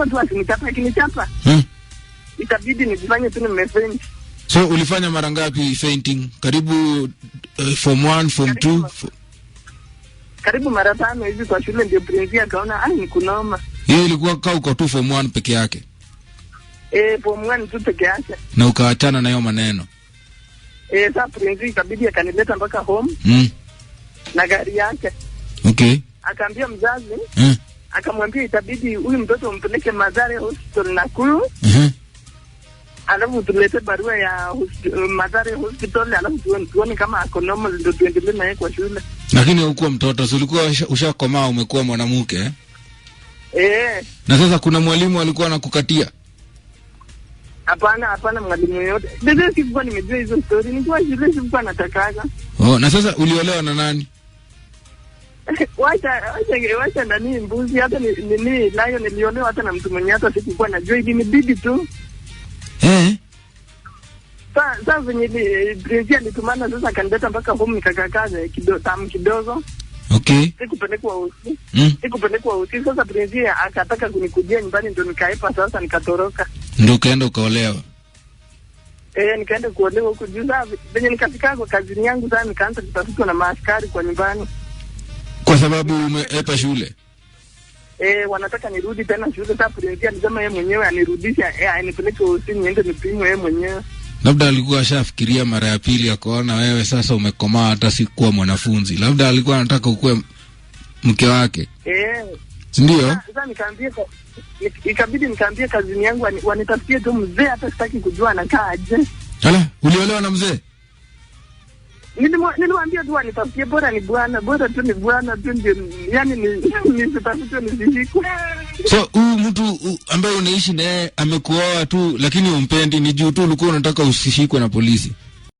watu wakinichapa akinichapa hmm. itabidi nijifanye tu So ulifanya mara ngapi fainting? Karibu uh, form one form two for... karibu mara tano hivi kwa shule, ndio akaona Hiyo ilikuwa ka uko tu form one peke yake? E, form tu peke yake. Na ukaachana na hiyo maneno? Eh, ikabidi akanileta mpaka home mm. na gari yake. Okay, akaambia mzazi mm akamwambia itabidi huyu mtoto umpeleke Mathare Hospital Nakuru, mm alafu tulete barua ya Mathare Hospital, alafu tuone kama ako normal, ndio tuendelee naye kwa shule. Lakini haukuwa mtoto, si ulikuwa ushakomaa, umekuwa mwanamke eh? Eh. Na sasa kuna mwalimu alikuwa anakukatia? Hapana, hapana mwalimu yote. Sikuwa nimejua hizo story, nilikuwa shule, sikuwa natakaga. Oh, na sasa uliolewa na nani? wacha wacha wacha nani mbuzi hata nini nayo nilionewa hata na mtu mwenye hata sikukuwa najua, bibi tu eh. Sasa sasa venye prinsi alitumana sasa, akanileta mpaka home, nikakaa kidogo tam kidogo Okay. Sikupelekwa usi. Mm. Sikupelekwa usi. Sasa prinsi akataka kunikujia nyumbani ndio nikaepa sasa nikatoroka. Ndio kaenda ukaolewa. Eh, nikaenda kuolewa huko juu. Sasa venye nikafika kwa kazini yangu sasa nikaanza kutafutwa na maaskari kwa nyumbani. Kwa sababu umeepa shule eh, wanataka nirudi tena shule. Sasa prinsia alisema yeye mwenyewe anirudisha, eh, anipeleke ofisini niende nipimwe yeye mwenyewe. Labda alikuwa ashafikiria mara ya pili akaona wewe sasa umekomaa, hata si kuwa mwanafunzi. Labda alikuwa anataka ukuwe mke wake eh, ndio. Sasa nikaambia, ikabidi nikaambie kazini yangu wanitafutie tu mzee, hata sitaki kujua anakaa aje. Hala, uliolewa na mzee? Niliwaambia tu nitafutie, bora ni bwana, bora tu ni bwana tu ndio, yani nisitafutwe nisishikwe. So huu mtu ambaye unaishi naye amekuoa tu, lakini umpendi, ni juu tu ulikuwa unataka usishikwe na polisi.